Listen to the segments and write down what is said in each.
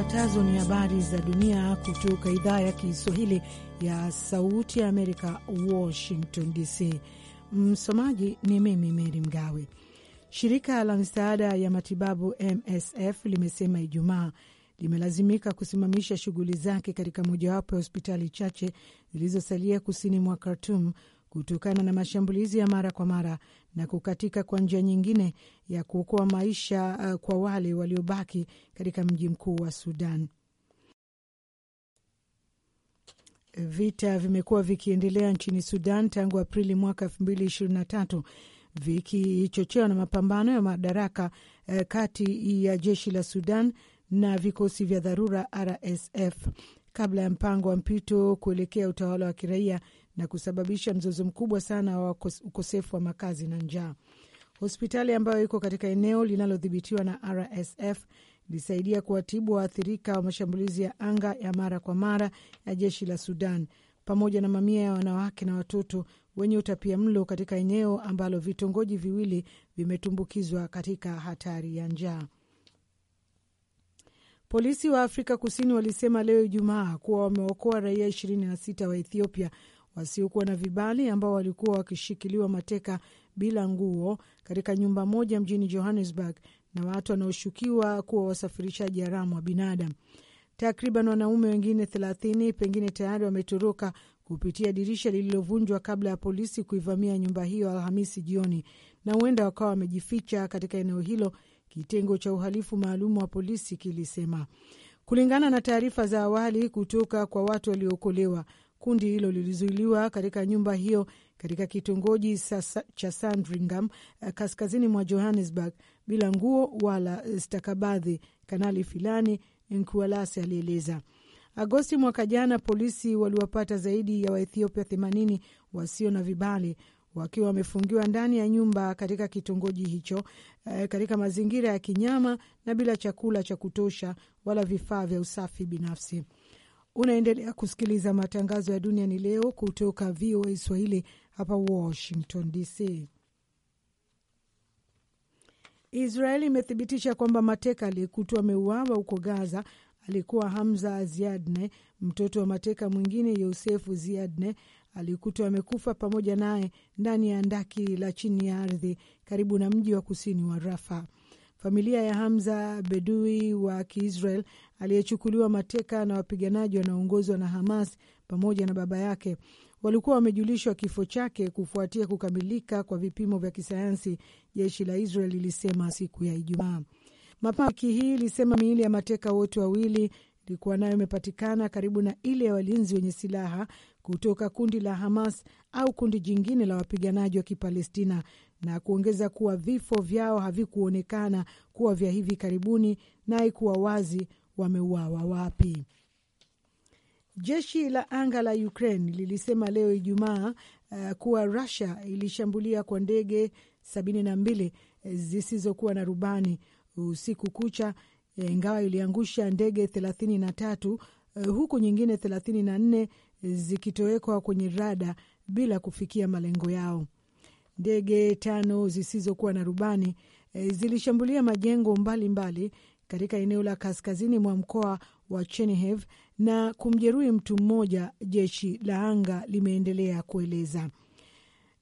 Zifuatazo ni habari za dunia kutoka idhaa ya Kiswahili ya Sauti ya Amerika, Washington DC. Msomaji ni mimi Meri Mgawe. Shirika la misaada ya matibabu MSF limesema Ijumaa limelazimika kusimamisha shughuli zake katika mojawapo ya hospitali chache zilizosalia kusini mwa Khartum kutokana na mashambulizi ya mara kwa mara na kukatika kwa njia nyingine ya kuokoa maisha uh, kwa wale waliobaki katika mji mkuu wa Sudan. Vita vimekuwa vikiendelea nchini Sudan tangu Aprili mwaka tatu vikichochewa na mapambano ya madaraka uh, kati ya jeshi la Sudan na vikosi vya dharura RSF kabla ya mpango wa mpito kuelekea utawala wa kiraia na kusababisha mzozo mkubwa sana wa ukosefu wa makazi na njaa. Hospitali ambayo iko katika eneo linalodhibitiwa na RSF ilisaidia kuwatibu waathirika wa mashambulizi ya anga ya mara kwa mara ya jeshi la Sudan pamoja na mamia ya wanawake na watoto wenye utapia mlo katika eneo ambalo vitongoji viwili vimetumbukizwa katika hatari ya njaa. Polisi wa Afrika Kusini walisema leo Ijumaa kuwa wameokoa raia 26 wa Ethiopia wasiokuwa na vibali ambao walikuwa wakishikiliwa mateka bila nguo katika nyumba moja mjini Johannesburg na watu wanaoshukiwa kuwa wasafirishaji haramu wa binadamu. Takriban wanaume wengine thelathini pengine tayari wametoroka kupitia dirisha lililovunjwa kabla ya polisi kuivamia nyumba hiyo Alhamisi jioni, na huenda wakawa wamejificha katika eneo hilo, kitengo cha uhalifu maalum wa polisi kilisema, kulingana na taarifa za awali kutoka kwa watu waliookolewa. Kundi hilo lilizuiliwa katika nyumba hiyo katika kitongoji cha Sandringham, eh, kaskazini mwa Johannesburg, bila nguo wala stakabadhi, Kanali Filani nkualasi alieleza. Agosti mwaka jana, polisi waliwapata zaidi ya Waethiopia 80 wasio na vibali wakiwa wamefungiwa ndani ya nyumba katika kitongoji hicho e, katika mazingira ya kinyama na bila chakula cha kutosha wala vifaa vya usafi binafsi. Unaendelea kusikiliza matangazo ya duniani leo kutoka VOA Swahili hapa Washington DC. Israeli imethibitisha kwamba mateka aliyekutwa ameuawa huko Gaza alikuwa Hamza Ziadne, mtoto wa mateka mwingine Yosefu Ziadne alikutwa amekufa pamoja naye ndani ya andaki la chini ya ardhi karibu na mji wa kusini wa Rafa. Familia ya Hamza Bedui wa Kiisrael aliyechukuliwa mateka na wapiganaji wanaoongozwa na Hamas pamoja na baba yake walikuwa wamejulishwa kifo chake kufuatia kukamilika kwa vipimo vya kisayansi, jeshi la Israel lilisema siku ya Ijumaa. Mapema wiki hii ilisema miili ya mateka wote wawili ilikuwa nayo imepatikana karibu na ile ya walinzi wenye silaha kutoka kundi la Hamas au kundi jingine la wapiganaji wa Kipalestina na kuongeza kuwa vifo vyao havikuonekana kuwa vya hivi karibuni na haikuwa wazi wameuawa wapi. Jeshi la anga la Ukraine lilisema leo Ijumaa uh, kuwa Rusia ilishambulia kwa ndege sabini na mbili eh, zisizokuwa na rubani usiku kucha, eh, ingawa iliangusha ndege thelathini na tatu uh, huku nyingine thelathini na nne zikitowekwa kwenye rada bila kufikia malengo yao. Ndege tano zisizokuwa na rubani e, zilishambulia majengo mbalimbali katika eneo la kaskazini mwa mkoa wa Chernihiv na kumjeruhi mtu mmoja, jeshi la anga limeendelea kueleza.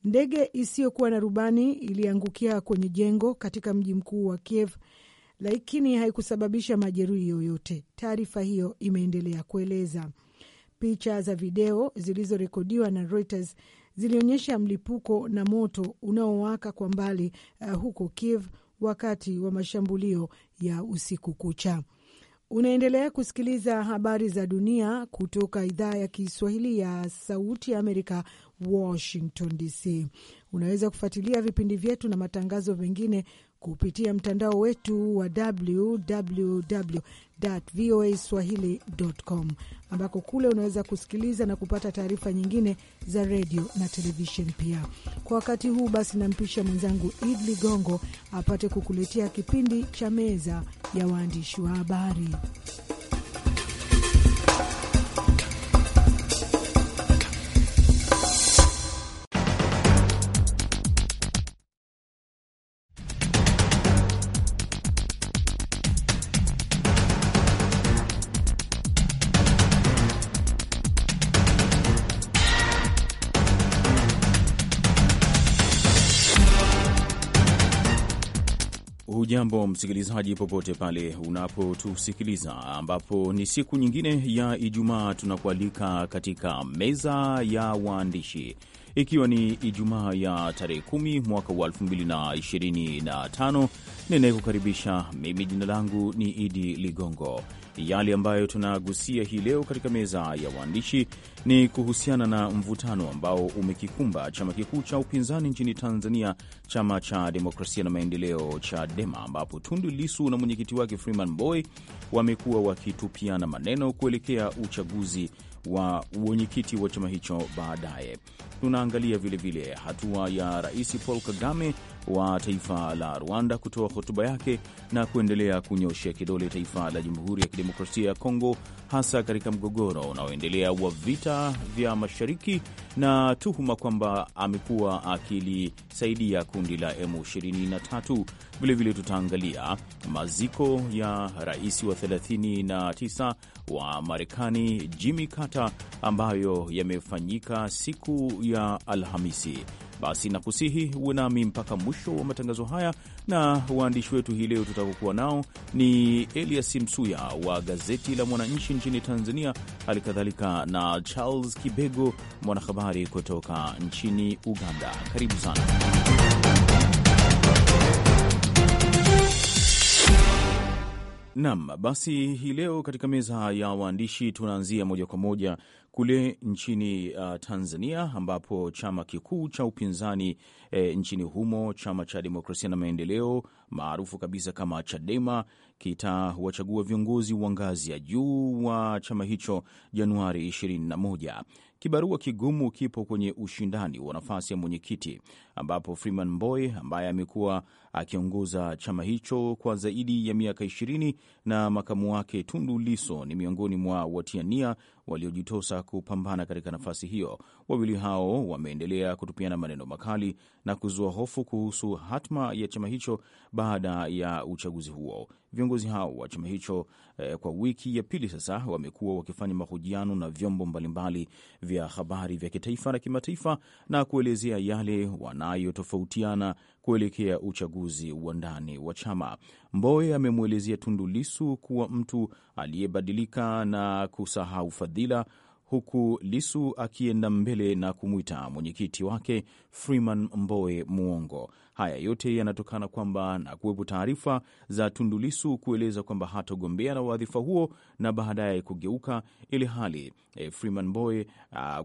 Ndege isiyokuwa na rubani iliangukia kwenye jengo katika mji mkuu wa Kiev, lakini haikusababisha majeruhi yoyote, taarifa hiyo imeendelea kueleza. Picha za video zilizorekodiwa na Reuters zilionyesha mlipuko na moto unaowaka kwa mbali uh, huko Kiev wakati wa mashambulio ya usiku kucha. Unaendelea kusikiliza habari za dunia kutoka idhaa ya Kiswahili ya Sauti ya Amerika, Washington DC. Unaweza kufuatilia vipindi vyetu na matangazo mengine kupitia mtandao wetu wa www voa swahili.com, ambako kule unaweza kusikiliza na kupata taarifa nyingine za redio na televisheni pia. Kwa wakati huu basi, nampisha mwenzangu Id Ligongo apate kukuletea kipindi cha meza ya waandishi wa habari. Hujambo msikilizaji, popote pale unapotusikiliza, ambapo ni siku nyingine ya Ijumaa tunakualika katika meza ya waandishi ikiwa ni Ijumaa ya tarehe kumi mwaka wa tano. Ninayekukaribisha mimi jina langu ni Idi Ligongo. Yale ambayo tunagusia hii leo katika meza ya waandishi ni kuhusiana na mvutano ambao umekikumba chama kikuu cha upinzani nchini Tanzania, chama cha demokrasia na maendeleo CHADEMA, ambapo Tundu Lisu na mwenyekiti wake Freeman boy wamekuwa wakitupiana maneno kuelekea uchaguzi wa uwenyekiti wa chama hicho baadaye. Tunaangalia vilevile hatua ya Rais Paul Kagame wa taifa la Rwanda kutoa hotuba yake na kuendelea kunyoshea kidole taifa la Jamhuri ya Kidemokrasia ya Kongo, hasa katika mgogoro unaoendelea wa vita vya mashariki na tuhuma kwamba amekuwa akilisaidia kundi la M23. Vilevile tutaangalia maziko ya rais wa 39 wa Marekani Jimmy Carter ambayo yamefanyika siku ya Alhamisi. Basi nakusihi uwe nami mpaka mwisho wa matangazo haya, na waandishi wetu hii leo tutakokuwa nao ni Elias Msuya wa gazeti la Mwananchi nchini Tanzania, hali kadhalika na Charles Kibego, mwanahabari kutoka nchini Uganda. Karibu sana. Naam, basi hii leo katika meza ya waandishi tunaanzia moja kwa moja kule nchini uh, Tanzania ambapo chama kikuu cha upinzani e, nchini humo chama cha demokrasia na maendeleo maarufu kabisa kama Chadema kitawachagua viongozi wa ngazi ya juu wa chama hicho Januari 21. Kibarua kigumu kipo kwenye ushindani wa nafasi ya mwenyekiti ambapo Freeman Mbowe ambaye amekuwa akiongoza chama hicho kwa zaidi ya miaka ishirini na makamu wake Tundu Liso ni miongoni mwa watiania waliojitosa kupambana katika nafasi hiyo. Wawili hao wameendelea kutupiana maneno makali na kuzua hofu kuhusu hatma ya chama hicho baada ya uchaguzi huo. Viongozi hao wa chama hicho eh, kwa wiki ya pili sasa wamekuwa wakifanya mahojiano na vyombo mbalimbali vya habari vya kitaifa na kimataifa na kuelezea yale wanayotofautiana kuelekea uchaguzi wa ndani wa chama. Mbowe amemwelezea Tundu Lisu kuwa mtu aliyebadilika na kusahau fadhila, huku Lisu akienda mbele na kumwita mwenyekiti wake Freeman Mbowe Muongo. Haya yote yanatokana kwamba na kuwepo taarifa za Tundulisu kueleza kwamba hatogombea na wadhifa huo na baadaye kugeuka, ili hali e, Freeman Mbowe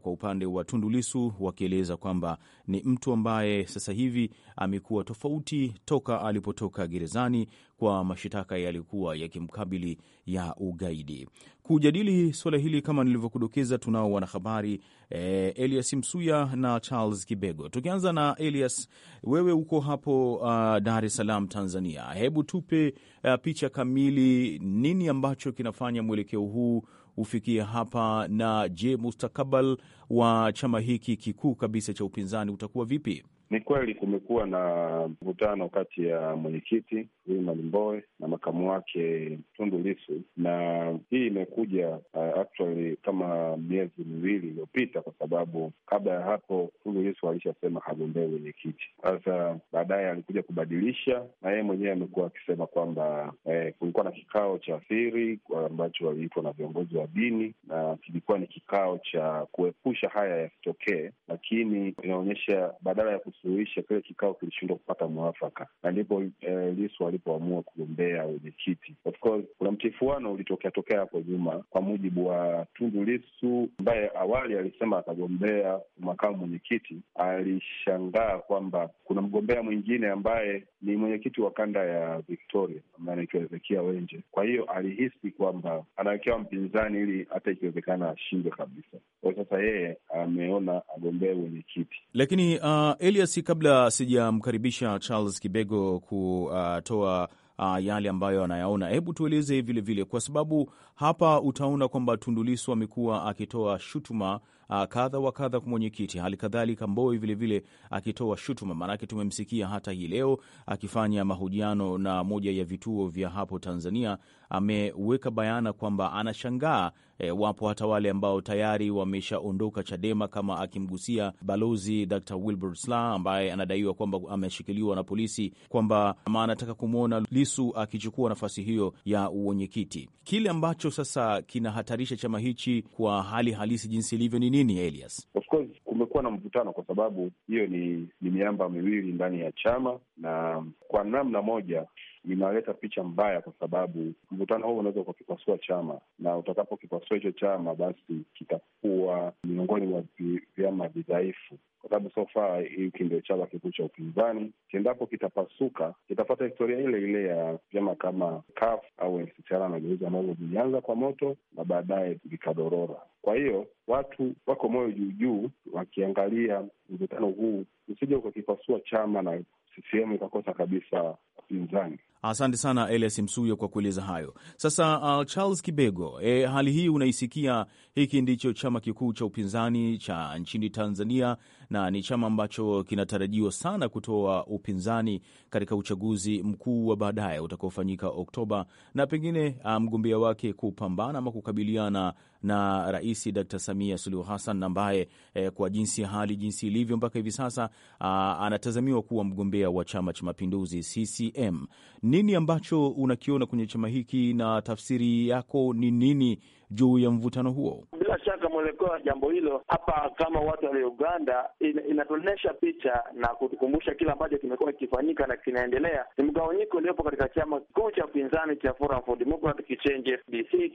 kwa upande wa Tundulisu wakieleza kwamba ni mtu ambaye sasa hivi amekuwa tofauti toka alipotoka gerezani kwa mashitaka yaliyokuwa yakimkabili ya ugaidi. Kujadili suala hili kama nilivyokudokeza, tunao wanahabari e, Elias Msuya na Charles Kibego. Tukianza na Elias, wewe uko hapo uh, Dar es Salaam, Tanzania. Hebu tupe uh, picha kamili, nini ambacho kinafanya mwelekeo huu ufikie hapa, na je, mustakabal wa chama hiki kikuu kabisa cha upinzani utakuwa vipi? Ni kweli kumekuwa na mvutano kati ya mwenyekiti Freeman Mbowe na makamu wake Tundu Lissu, na hii imekuja uh, actually kama miezi miwili iliyopita, kwa sababu kabla ya hapo Tundu Lissu alishasema hagombee wenyekiti. Sasa baadaye alikuja kubadilisha, na yeye mwenyewe amekuwa akisema kwamba eh, kulikuwa na kikao cha siri ambacho waliitwa na viongozi wa dini, na kilikuwa ni kikao cha kuepusha haya yasitokee, lakini inaonyesha badala ya kusuluhisha, kile kikao kilishindwa kupata mwafaka, na ndipo eh, Lissu walipoamua kugombea wenyekiti. Of course kuna mtifuano ulitokea tokea hapo nyuma, kwa mujibu wa Tundu Lissu ambaye awali alisema atagombea makamu mwenyekiti, alishangaa kwamba kuna mgombea mwingine ambaye ni mwenyekiti wa kanda ya Victoria ambaye anaitwa Hezekia Wenje. Kwa hiyo alihisi kwamba anawekewa mpinzani ili hata ikiwezekana ashindwe kabisa. Kwa sasa yeye ameona agombee wenyekiti. Lakini uh, Elias, kabla sijamkaribisha Charles Kibego kutoa uh, kutoa uh, ah, yale ambayo anayaona. Hebu tueleze vilevile vile, kwa sababu hapa utaona kwamba tundulisu amekuwa akitoa shutuma uh, kadha wa kadha kwa mwenyekiti, hali kadhalika Mboi vilevile akitoa shutuma, maanake tumemsikia hata hii leo akifanya mahojiano na moja ya vituo vya hapo Tanzania, ameweka bayana kwamba anashangaa E, wapo hata wale ambao tayari wameshaondoka Chadema, kama akimgusia Balozi Dr. Wilbur Sla ambaye anadaiwa kwamba ameshikiliwa na polisi kwamba anataka kumwona Lisu akichukua nafasi hiyo ya uwenyekiti. Kile ambacho sasa kinahatarisha chama hichi kwa hali halisi jinsi ilivyo ni nini, Elias? Of course kumekuwa na mvutano kwa sababu hiyo ni, ni miamba miwili ndani ya chama na kwa namna moja inaleta picha mbaya, kwa sababu mvutano huu unaweza ukakipasua chama, na utakapokipasua hicho chama, basi kitakuwa miongoni mwa vyama vidhaifu, kwa sababu so far hiki ndio chama kikuu cha upinzani. Kiendapo kitapasuka, kitapata historia ile ile ya vyama kama CUF au NCCR Mageuzi ambavyo vilianza kwa moto na baadaye vikadorora. Kwa hiyo watu wako moyo juujuu wakiangalia mvutano huu usije ukakipasua chama na CCM ikakosa kabisa upinzani. Asante sana Elias Msuyo kwa kueleza hayo. Sasa uh, Charles Kibego, e, hali hii unaisikia. Hiki ndicho chama kikuu cha upinzani cha nchini Tanzania na ni chama ambacho kinatarajiwa sana kutoa upinzani katika uchaguzi mkuu wa baadaye utakaofanyika Oktoba, na pengine uh, mgombea wake kupambana ama kukabiliana na Rais d Samia Suluhu Hassan ambaye eh, kwa jinsi ya hali jinsi ilivyo mpaka hivi sasa uh, anatazamiwa kuwa mgombea wa Chama cha Mapinduzi CCM. Nini ambacho unakiona kwenye chama hiki na tafsiri yako ni nini juu ya mvutano huo. Bila shaka mwelekeo wa jambo hilo hapa kama watu wa Uganda in, inatuonyesha picha na kutukumbusha kile ambacho kimekuwa kikifanyika na kinaendelea. Ni mgawanyiko uliopo katika chama kikuu cha upinzani cha Forum for Democratic Change FDC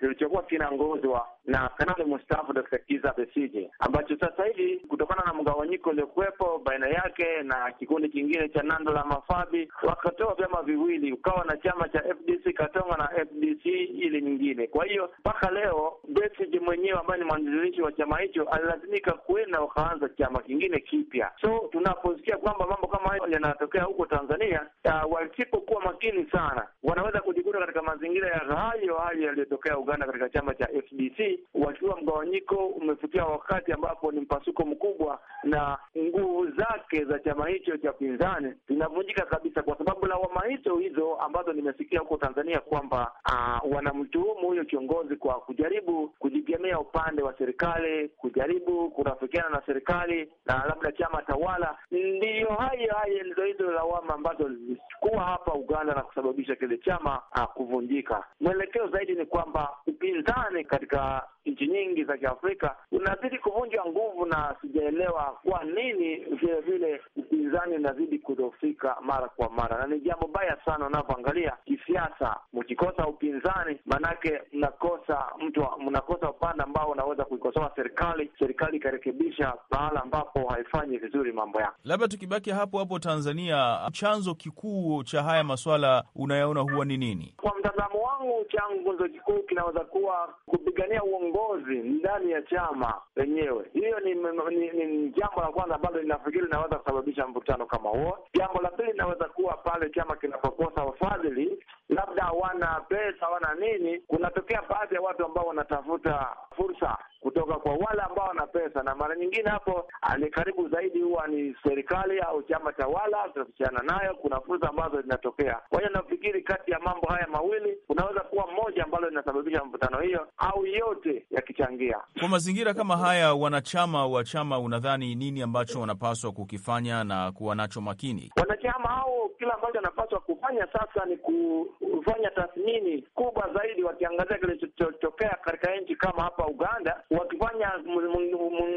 kilichokuwa kinaongozwa na kanali mustafu Dr. Kiza Besije, ambacho sasa hivi kutokana na mgawanyiko uliokuwepo baina yake na kikundi kingine cha Nando la Mafabi wakatoa vyama viwili, ukawa na chama cha FDC Katonga na FDC ili nyingine. Kwa hiyo mpaka leo Besigye mwenyewe ambaye ni mwanzilishi wa chama hicho alilazimika kwenda wakaanza chama kingine kipya. So tunaposikia kwamba mambo kama hayo yanatokea huko Tanzania, uh, wasipokuwa makini sana, wanaweza kujikuta katika mazingira ya hayo hayo yaliyotokea Uganda katika chama cha FDC, wakiwa mgawanyiko umefikia wakati ambapo ni mpasuko mkubwa na nguvu zake za chama hicho cha pinzani zinavunjika kabisa, kwa sababu lawama hizo hizo ambazo nimesikia huko Tanzania kwamba uh, wanamtuhumu huyo kiongozi kwa kujaribu kujigemea upande wa serikali, kujaribu kurafikiana na serikali na labda chama tawala. Ndiyo hayo hayo, ndizo hizo lawama ambazo zilichukua hapa Uganda na kusababisha kile chama ah, kuvunjika. Mwelekeo zaidi ni kwamba upinzani katika nchi nyingi za Kiafrika unazidi kuvunjwa nguvu, na sijaelewa kwa nini vile vile upinzani unazidi kudhoofika mara kwa mara, na ni jambo baya sana unavyoangalia siasa, mkikosa upinzani, maanake mnakosa mtu, mnakosa upande ambao unaweza kuikosoa serikali, serikali ikarekebisha pahala ambapo haifanyi vizuri mambo yake. Labda tukibaki hapo hapo Tanzania, chanzo kikuu cha haya maswala unayaona huwa ni nini? Kwa mtazamo wangu, chanzo kikuu kinaweza kuwa kupigania uongozi ndani ya chama lenyewe. Hiyo ni, ni, ni jambo la kwanza ambalo linafikiri linaweza kusababisha mvutano kama huo. Jambo la pili linaweza kuwa pale chama kinapokosa wafadhili labda hawana pesa, hawana nini. Kunatokea baadhi ya watu ambao wanatafuta fursa kutoka kwa wale ambao wana pesa, na mara nyingine hapo ah, ni karibu zaidi huwa ni serikali au chama tawala, tunahusiana nayo, kuna fursa ambazo zinatokea. Kwa hiyo nafikiri kati ya mambo haya mawili kunaweza kuwa moja ambalo linasababisha mvutano hiyo, au yote yakichangia. Kwa mazingira kama haya, wanachama wa chama, unadhani nini ambacho wanapaswa kukifanya na kuwa nacho makini wanachama hao? Kila ambacho anapaswa wanachofanya sasa ni kufanya tathmini kubwa zaidi, wakiangazia kilichotokea katika nchi kama hapa Uganda, wakifanya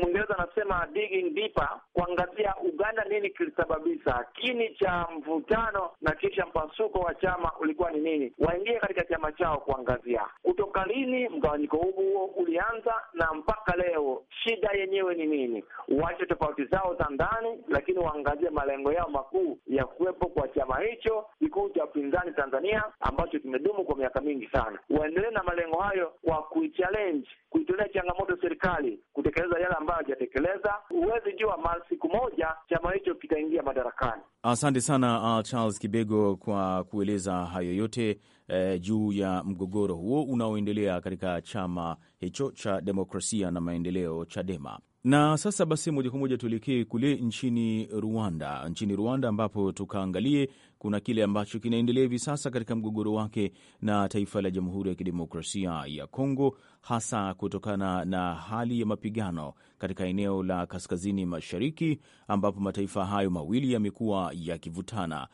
Mwingereza anasema digging deeper, kuangazia Uganda nini kilisababisha kini cha mvutano na kisha mpasuko wa chama ulikuwa ni nini, waingie katika chama chao kuangazia kutoka lini mgawanyiko huo ulianza na mpaka leo shida yenyewe ni nini. wache tofauti zao za ndani, lakini waangazie malengo yao makuu ya kuwepo kwa chama hicho kikuu kikuu cha upinzani Tanzania ambacho kimedumu kwa miaka mingi sana. Waendelee na malengo hayo kwa kuichallenge, kuitolea changamoto serikali kutekeleza yale ambayo hajatekeleza. Huwezi jua mara siku moja chama hicho kitaingia madarakani. Asante sana uh, Charles Kibego kwa kueleza hayo yote uh, juu ya mgogoro huo unaoendelea katika chama hicho cha demokrasia na maendeleo Chadema. Na sasa basi, moja kwa moja tuelekee kule nchini Rwanda, nchini Rwanda ambapo tukaangalie kuna kile ambacho kinaendelea hivi sasa katika mgogoro wake na taifa la Jamhuri ya Kidemokrasia ya Kongo, hasa kutokana na hali ya mapigano katika eneo la kaskazini mashariki, ambapo mataifa hayo mawili yamekuwa yakivutana.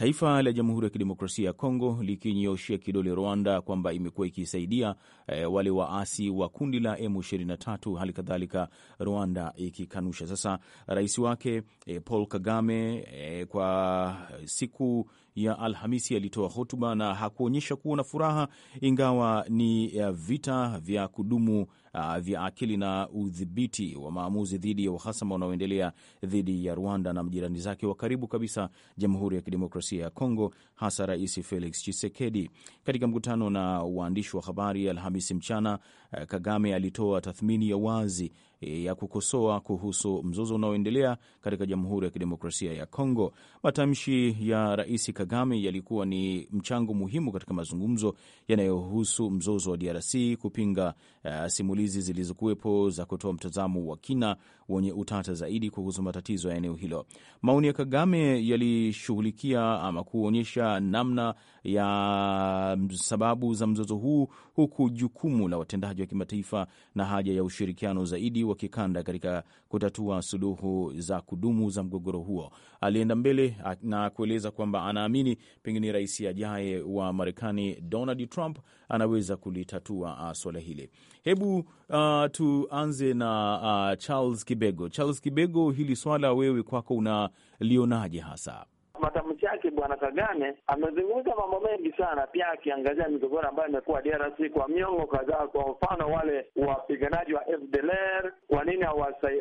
Taifa la Jamhuri ya Kidemokrasia ya Kongo likinyoshia kidole Rwanda kwamba imekuwa ikisaidia e, wale waasi wa kundi la M23, hali kadhalika Rwanda ikikanusha. Sasa rais wake e, Paul Kagame e, kwa siku ya Alhamisi alitoa hotuba na hakuonyesha kuwa na furaha, ingawa ni eh, vita vya kudumu uh, vya akili na udhibiti wa maamuzi dhidi ya uhasama unaoendelea dhidi ya Rwanda na majirani zake wa karibu kabisa, Jamhuri ya Kidemokrasia ya Kongo, hasa Rais Felix Chisekedi. Katika mkutano na waandishi wa habari Alhamisi mchana, eh, Kagame alitoa tathmini ya wazi eh, ya kukosoa kuhusu mzozo unaoendelea katika Jamhuri ya Kidemokrasia ya Kongo. Matamshi ya Rais Kagame yalikuwa ni mchango muhimu katika mazungumzo yanayohusu mzozo wa DRC, kupinga uh, simulizi zilizokuwepo za kutoa mtazamo wa kina wenye utata zaidi kuhusu matatizo ya eneo hilo. Maoni ya Kagame yalishughulikia ama kuonyesha namna ya sababu za mzozo huu, huku jukumu la watendaji wa kimataifa na haja ya ushirikiano zaidi wa kikanda katika kutatua suluhu za kudumu za mgogoro huo. Alienda mbele na kueleza kwamba anaamini pengine rais ajaye wa Marekani Donald Trump anaweza kulitatua swala hili. Hebu uh, tuanze na uh, Charles Kibego. Charles Kibego, hili swala wewe kwako unalionaje hasa? matamshi yake Bwana Kagame amezungumza mambo mengi sana, pia akiangazia migogoro ambayo imekuwa DRC kwa miongo kadhaa. Kwa mfano wale wapiganaji wa FDLR kwa nini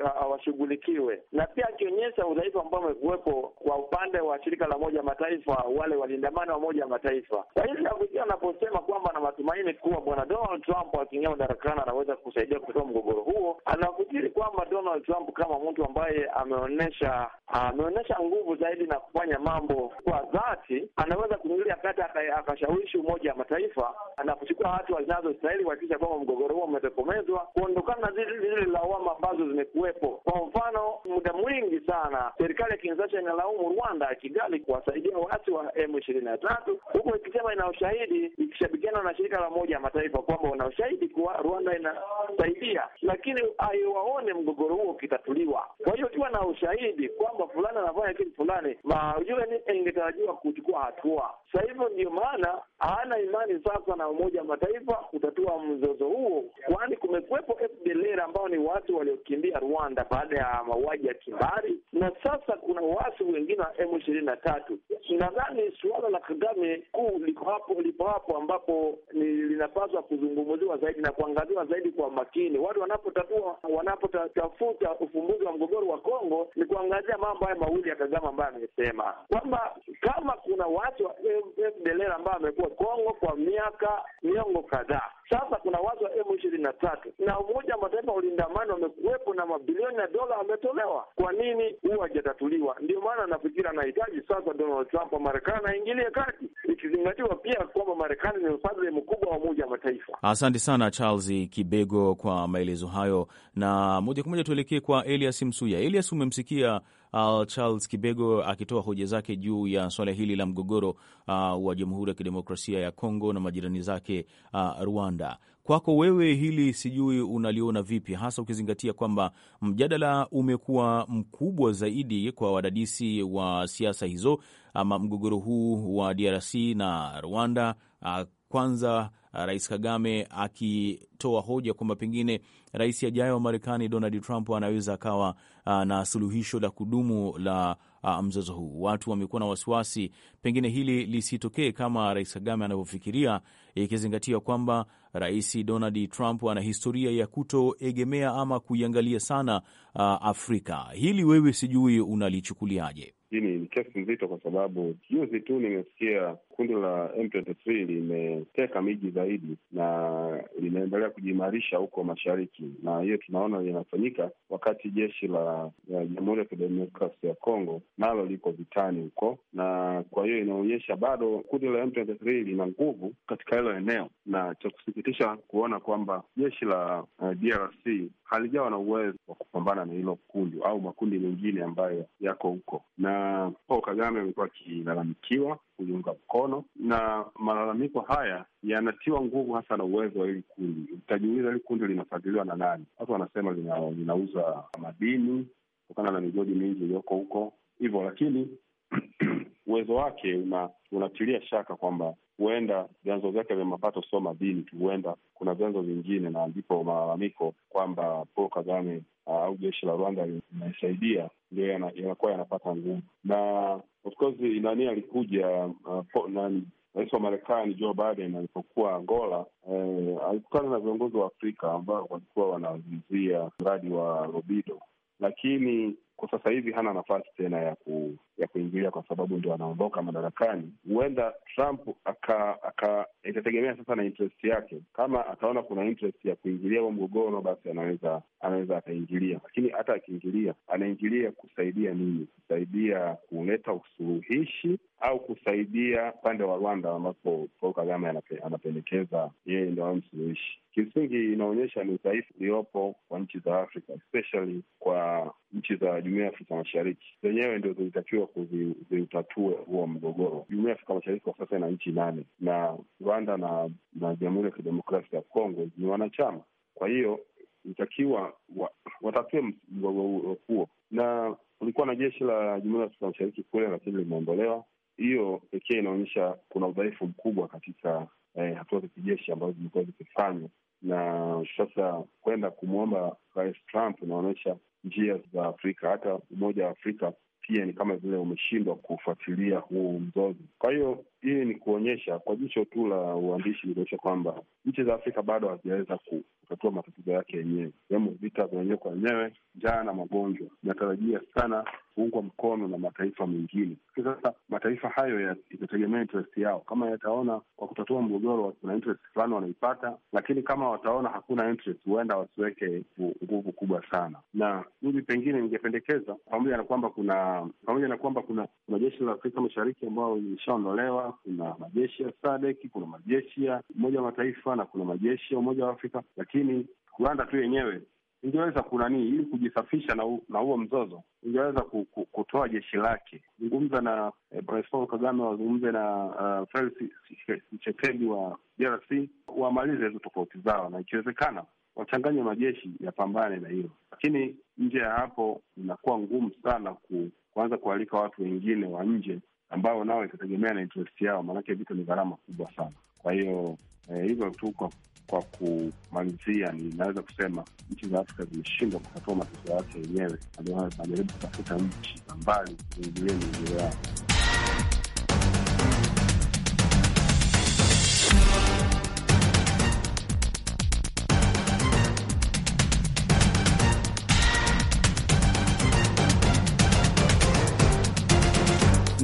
hawashughulikiwe, na pia akionyesha udhaifu ambao umekuwepo kwa upande wa shirika la Umoja Mataifa, wale walindamani wa Umoja Mataifa. Kwa hivyo avutia anaposema kwamba na matumaini kuwa Bwana Donald Trump akiingia madarakani anaweza kusaidia kutoa mgogoro huo, anafikiri kwamba Donald Trump kama mtu ambaye ameonyesha ameonyesha nguvu zaidi na kufanya mambo kwa dhati, anaweza kuingilia kati akashawishi Umoja wa Mataifa anapochukua hatua zinazostahili kuhakikisha kwamba mgogoro huo umetokomezwa, kuondokana na zile lawama ambazo zimekuwepo. Kwa mfano, muda mwingi sana serikali ya Kinshasa inalaumu Rwanda ya Kigali kuwasaidia waasi wa M ishirini na tatu, huku ikisema ina ushahidi, ikishabikiana na shirika la Umoja wa Mataifa kwamba wana ushahidi kuwa Rwanda inasaidia, lakini haiwaone mgogoro huo ukitatuliwa. Kwa hiyo ukiwa na ushahidi kwamba fulani anafanya kitu fulani, ni ingetarajiwa kuchukua hatua. Sasa hivyo ndio maana hana imani sasa na Umoja wa Mataifa kutatua mzozo huo, kwani walikuwepo FDLR ambao ni watu waliokimbia Rwanda baada ya mauaji ya kimbari, na sasa kuna waasi wengine wa M ishirini na tatu. Nadhani suala la Kagame kuu liko hapo, lipo hapo ambapo ni linapaswa kuzungumziwa zaidi na kuangaziwa zaidi kwa makini. Watu wanapotatua wanapotafuta ufumbuzi wa mgogoro wa Kongo ni kuangazia mambo haya mawili ya Kagame ambayo amesema kwamba kama kuna watu wa FDLR ambao wamekuwa Kongo kwa miaka miongo kadhaa sasa ishirini na tatu na Umoja wa Mataifa ulindamani wamekuwepo na mabilioni ya dola wametolewa. Kwa nini huwa hajatatuliwa? Ndio maana nafikiri anahitaji sasa Donald Trump wa Marekani aingilie kati, ikizingatiwa pia kwamba Marekani ni mfadhili mkubwa wa Umoja wa Mataifa. Asante sana Charles Kibego kwa maelezo hayo, na moja kwa moja tuelekee kwa Elias Msuya. Elias, umemsikia Uh, Charles Kibego akitoa hoja zake juu ya swala hili la mgogoro uh, wa Jamhuri ya Kidemokrasia ya Kongo na majirani zake uh, Rwanda. Kwako wewe hili sijui unaliona vipi, hasa ukizingatia kwamba mjadala umekuwa mkubwa zaidi kwa wadadisi wa siasa hizo ama mgogoro huu wa DRC na Rwanda. Kwanza Rais Kagame akitoa hoja kwamba pengine rais ajayo wa Marekani Donald Trump anaweza akawa na suluhisho la kudumu la Ah, mzozo huu. Watu wamekuwa na wasiwasi pengine hili lisitokee kama Rais Kagame anavyofikiria, ikizingatia kwamba Rais Donald Trump ana historia ya kutoegemea ama kuiangalia sana uh, Afrika. Hili wewe sijui unalichukuliaje? Hii ni kesi nzito kwa sababu juzi tu nimesikia kundi la M23 limeteka miji zaidi na linaendelea kujiimarisha huko mashariki, na hiyo tunaona inafanyika wakati jeshi la Jamhuri ya Kidemokrasia ya Kongo nalo liko vitani huko, na kwa hiyo inaonyesha bado kundi la M23 lina nguvu katika hilo eneo, na cha kusikitisha kuona kwamba jeshi la uh, eh, DRC halijawa na uwezo wa kupambana na hilo kundi au makundi mengine ambayo yako huko, na Paul Kagame amekuwa akilalamikiwa kuiunga mkono, na malalamiko haya yanatiwa nguvu hasa na uwezo wa hili kundi. Utajiuliza, hili kundi linafadhiliwa na nani? Watu wanasema linauza madini kutokana na migodi mingi iliyoko huko hivyo, lakini uwezo wake una, unatilia shaka kwamba huenda vyanzo vyake vya mapato sio madini tu, huenda kuna vyanzo vingine, na ndipo malalamiko kwamba Paul Kagame au jeshi la Rwanda linaisaidia ndio yanakuwa yanapata nguvu. Na of course nani alikuja uh, nani rais wa Marekani Joe Biden alipokuwa Angola eh, alikutana na viongozi wa Afrika ambao walikuwa wanazuzia mradi wa Robido, lakini kwa sasa hivi hana nafasi tena ya ku, ya kuingilia kwa sababu ndio anaondoka madarakani. Huenda Trump aka, aka itategemea sasa na interest yake. Kama ataona kuna interest ya kuingilia huo mgogoro, basi anaweza anaweza akaingilia, lakini hata akiingilia, anaingilia kusaidia nini? Kusaidia kuleta usuluhishi au kusaidia upande wa Rwanda ambapo Paul Kagame anapendekeza yeye ndo awe msuluhishi. Kimsingi inaonyesha ni udhaifu uliopo kwa nchi za Afrika, especially kwa nchi za Jumuia ya Afrika Mashariki zenyewe ndio zilitakiwa kuziutatue huo mgogoro. Jumuia ya Afrika Mashariki kwa sasa ina nchi nane na Rwanda na na Jamhuri ya Kidemokrasia ya Kongo ni wanachama, kwa hiyo itakiwa wa, watatue mgogoro huo, na kulikuwa na jeshi la Jumuia ya Afrika Mashariki kule, lakini limeondolewa. Hiyo pekee inaonyesha kuna udhaifu mkubwa katika eh, hatua za kijeshi ambazo zimekuwa zikifanywa na sasa kwenda kumwomba Rais Trump inaonyesha njia za Afrika. Hata Umoja wa Afrika pia ni kama vile umeshindwa kufuatilia huu mzozo. Kwa hiyo hii ni kuonyesha kwa jicho tu la uandishi, nikuonyesha kwamba nchi za Afrika bado hazijaweza kutatua matatizo yake yenyewe, ikiwemo vita vya wenyewe kwa wenyewe, njaa na magonjwa. Inatarajia sana kuungwa mkono na mataifa mengine. Sasa mataifa hayo itategemea interest yao. Kama yataona kwa kutatua mgogoro kuna interest fulani wanaipata, lakini kama wataona hakuna interest, huenda wasiweke nguvu kubwa sana. Na mimi pengine ningependekeza pamoja na kwamba kuna pamoja na kwamba kuna kuna jeshi la Afrika Mashariki ambayo ilishaondolewa, kuna majeshi ya SADC, kuna majeshi ya Umoja wa Mataifa na kuna majeshi ya Umoja wa Afrika, lakini lakini Rwanda tu yenyewe ingeweza kunanii ili kujisafisha na, u, na huo mzozo ingeweza ku, ku, kutoa jeshi lake. Zungumza na eh, Rais Paul Kagame, wazungumze na uh, Felix Tshisekedi wa DRC, wamalize hizo tofauti zao, na ikiwezekana wachanganye majeshi yapambane na hilo, lakini nje ya hapo inakuwa ngumu sana ku, kuanza kualika watu wengine wa nje ambao nao itategemea na interest yao, maanake vitu ni gharama kubwa sana. Kwa hiyo eh, hivyo eh, tu kwa kwa kumalizia, ninaweza kusema nchi za Afrika zimeshindwa kutatua matatizo yake yenyewe, zinajaribu kutafuta nchi za mbali kuingilia miingilio yao.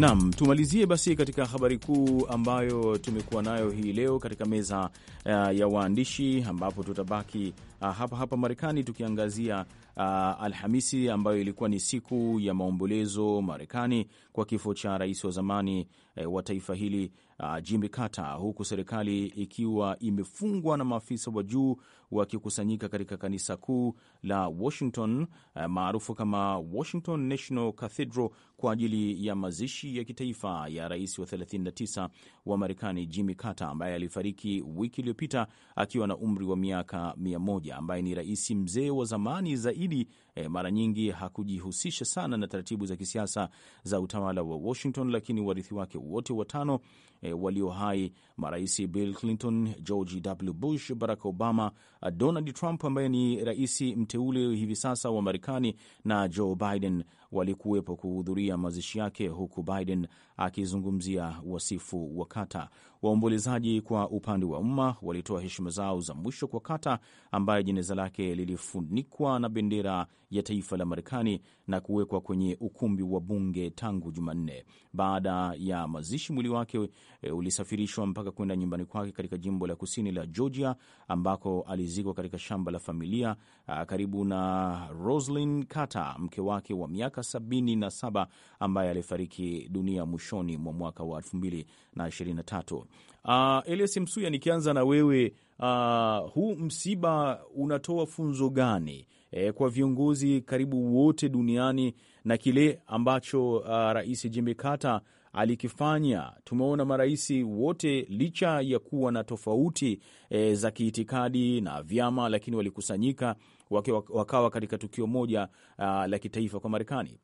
Naam, tumalizie basi katika habari kuu ambayo tumekuwa nayo hii leo katika meza uh, ya waandishi ambapo tutabaki uh, hapa hapa Marekani tukiangazia uh, Alhamisi ambayo ilikuwa ni siku ya maombolezo Marekani kwa kifo cha rais wa zamani uh, wa taifa hili uh, ah, Jimmy Carter, huku serikali ikiwa imefungwa na maafisa wa juu wakikusanyika katika kanisa kuu la Washington uh, maarufu kama Washington National Cathedral kwa ajili ya mazishi ya kitaifa ya rais wa 39 wa Marekani Jimmy Carter ambaye alifariki wiki iliyopita akiwa na umri wa miaka 100, ambaye ni rais mzee wa zamani zaidi e, mara nyingi hakujihusisha sana na taratibu za kisiasa za utawala wa Washington, lakini warithi wake wote watano e, walio hai, marais Bill Clinton, George W. Bush, Barack Obama, Donald Trump ambaye ni rais mteule hivi sasa wa Marekani na Joe Biden walikuwepo kuhudhuria mazishi yake, huku Biden akizungumzia wasifu wa Kata. Waombolezaji kwa upande wa umma walitoa heshima zao za mwisho kwa Kata ambaye jeneza lake lilifunikwa na bendera ya taifa la Marekani na kuwekwa kwenye ukumbi wa bunge tangu Jumanne. Baada ya mazishi, mwili wake e, ulisafirishwa mpaka kwenda nyumbani kwake katika jimbo la kusini la Georgia, ambako alizikwa katika shamba la familia karibu na Roslyn Carter, mke wake wa miaka miaka 77 ambaye alifariki dunia mwishoni mwa mwaka wa 2023. Uh, Elias Msuya, nikianza na wewe uh, huu msiba unatoa funzo gani eh, kwa viongozi karibu wote duniani na kile ambacho uh, Rais Jimmy Carter alikifanya. Tumeona marais wote licha ya kuwa na tofauti e, za kiitikadi na vyama, lakini walikusanyika wakawa katika tukio moja uh, la kitaifa kwa Marekani.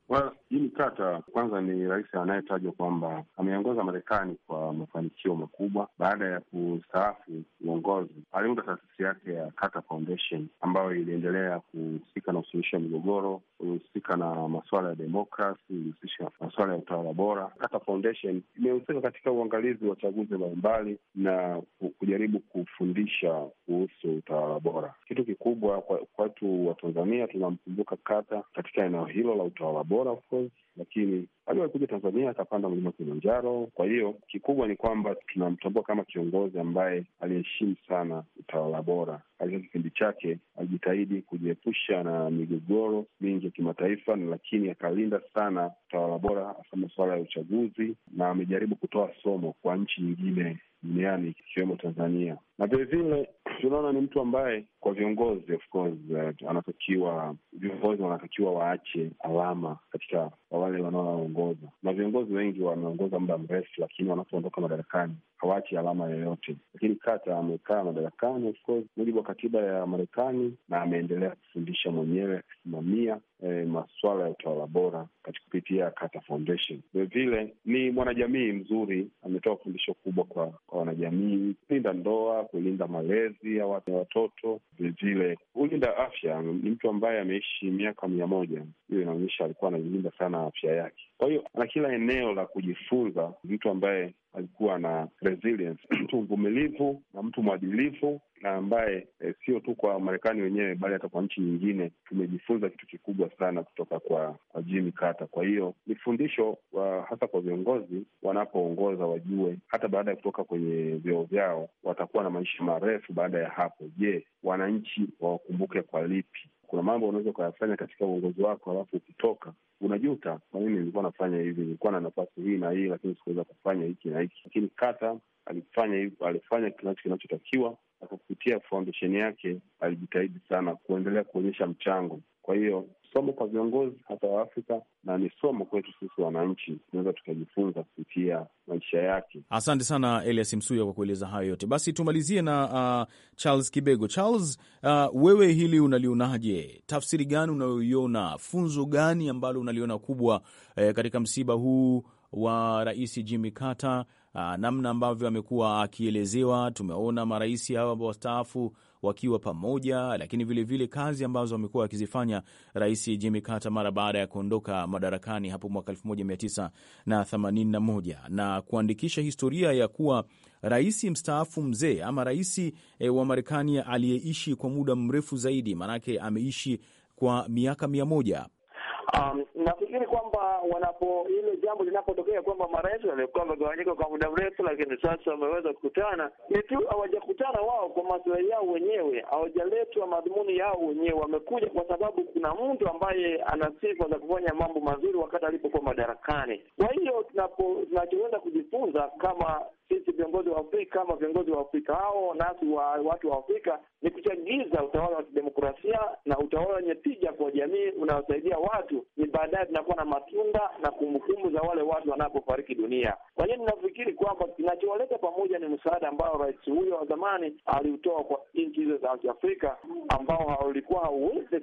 Jimmy Carter kwanza ni rais anayetajwa kwamba ameongoza Marekani kwa mafanikio makubwa. Baada ya kustaafu uongozi, aliunda taasisi yake ya Carter Foundation ambayo iliendelea kuhusika na wa migogoro, kuhusika na masuala ya demokrasi, ilihusisha masuala ya utawala bora. Carter Foundation imehusika katika uangalizi wa chaguzi mbalimbali na kujaribu kufundisha kuhusu utawala bora. Kitu kikubwa kwa, kwa watu wa Tanzania tunamkumbuka Kata katika eneo hilo la utawala bora of course, lakini Aliwahi kuja Tanzania akapanda mlima Kilimanjaro. Kwa hiyo kikubwa ni kwamba tunamtambua kama kiongozi ambaye aliheshimu sana utawala bora. Katika kipindi chake alijitahidi kujiepusha na migogoro mingi ya kimataifa, lakini akalinda sana utawala bora, hasa masuala ya uchaguzi, na amejaribu kutoa somo kwa nchi nyingine duniani ikiwemo Tanzania. Na vilevile tunaona ni mtu ambaye kwa viongozi of course, uh, anatakiwa viongozi wanatakiwa waache alama katika wale wanao kuongoza, na viongozi wengi wameongoza muda mrefu, lakini wanapoondoka madarakani hawachi alama yoyote. Lakini Carter amekaa madarakani, of course, mujibu wa katiba ya Marekani, na ameendelea kufundisha mwenyewe akisimamia e, eh, masuala ya utawala bora katika kupitia Carter Foundation. Vilevile ni mwanajamii mzuri, ametoa fundisho kubwa kwa, kwa wanajamii, kulinda ndoa, kulinda malezi ya watoto, vilevile kulinda afya. Ni mtu ambaye ameishi miaka mia moja. Hiyo inaonyesha alikuwa anailinda sana afya yake. Kwa hiyo ana kila eneo la kujifunza, mtu ambaye alikuwa na resilience, mtu mvumilivu na mtu mwadilifu na ambaye e, sio tu kwa Marekani wenyewe bali hata kwa nchi nyingine. Tumejifunza kitu kikubwa sana kutoka kwa kwa Jimmy Carter. Kwa hiyo ni fundisho hasa kwa viongozi wanapoongoza, wajue hata baada ya kutoka kwenye vyeo vyao watakuwa na maisha marefu baada ya hapo. Je, wananchi wawakumbuke kwa lipi? kuna mambo unaweza ukayafanya katika uongozi wako, halafu ukitoka unajuta, kwa nini nilikuwa nafanya hivi? Nilikuwa na nafasi hii na hii, lakini sikuweza kufanya hiki na hiki. Lakini Kata alifanya hivyo, alifanya kinacho kinachotakiwa na kupitia foundation yake alijitahidi sana kuendelea kuonyesha mchango. Kwa hiyo somo kwa viongozi hasa wa Afrika na ni somo kwetu sisi wananchi, tunaweza tukajifunza kupitia maisha yake. Asante sana Elias Msuya kwa kueleza hayo yote. Basi tumalizie na uh, Charles Kibego. Charles, uh, wewe hili unalionaje? Tafsiri gani unayoiona? Funzo gani ambalo unaliona kubwa eh, katika msiba huu wa Rais Jimmy Carter, uh, namna ambavyo amekuwa akielezewa? Tumeona marais hawa wastaafu wakiwa pamoja, lakini vilevile vile kazi ambazo wamekuwa wakizifanya Rais Jimmy Carter mara baada ya kuondoka madarakani hapo mwaka 1981 na, na kuandikisha historia ya kuwa rais mstaafu mzee ama rais e, wa Marekani aliyeishi kwa muda mrefu zaidi, maanake ameishi kwa miaka mia moja. Um, nafikiri kwamba wanapo ile jambo linapotokea kwamba marais walikuwa wamegawanyika kwa muda mrefu, lakini sasa wameweza kukutana, ni tu hawajakutana wao kwa maslahi yao wenyewe, hawajaletwa madhumuni yao wenyewe. Wamekuja kwa sababu kuna mtu ambaye ana sifa za kufanya mambo mazuri wakati alipokuwa madarakani. Kwa hiyo tunapo tunachoweza kujifunza kama sisi viongozi wa Afrika ama viongozi wa Afrika hao nasi wa watu wa Afrika ni kuchagiza utawala wa kidemokrasia na utawala wenye tija kwa jamii unaosaidia watu ni baadaye tunakuwa na matunda na kumbukumbu za wale watu wanapofariki dunia. Kwa hiyo ninafikiri kwamba kinachowaleta pamoja ni msaada ambao rais huyo wa zamani aliutoa kwa nchi hizo za Kiafrika ambao walikuwa hauwezi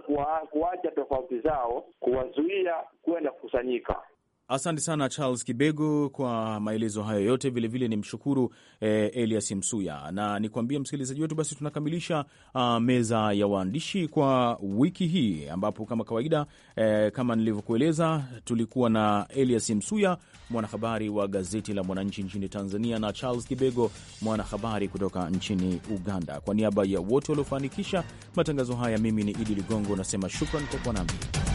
kuacha tofauti zao kuwazuia kwenda kukusanyika. Asante sana Charles Kibego kwa maelezo hayo yote. Vilevile ni mshukuru eh, Elias Msuya na kuambia msikilizaji wetu, basi tunakamilisha uh, meza ya waandishi kwa wiki hii, ambapo kama kawaida eh, kama nilivyokueleza, tulikuwa na Elias Msuya, mwanahabari wa gazeti la Mwananchi nchini Tanzania, na Charles Kibego, mwanahabari kutoka nchini Uganda. Kwa niaba ya wote waliofanikisha matangazo haya, mimi ni Idi Ligongo nasema shukran kwa kuwa nami.